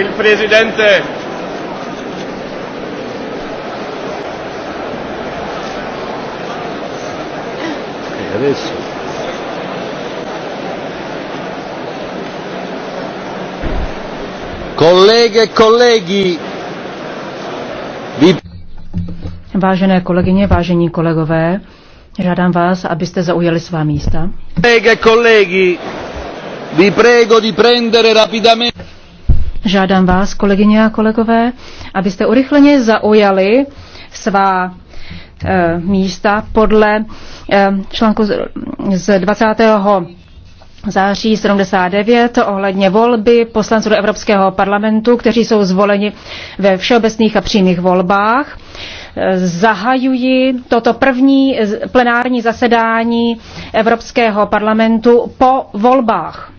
Il Presidente. E adesso. Kolege, kolegi. colleghi. Vážené kolegyně, vážení kolegové, žádám vás, abyste zaujali svá místa. Kolege, kolegi. E vi prego di prendere rapidamente Žádám vás, kolegyně a kolegové, abyste urychleně zaujali svá e, místa podle e, článku z, z 20. září 79 ohledně volby poslanců do Evropského parlamentu, kteří jsou zvoleni ve všeobecných a přímých volbách. Zahajuji toto první plenární zasedání Evropského parlamentu po volbách.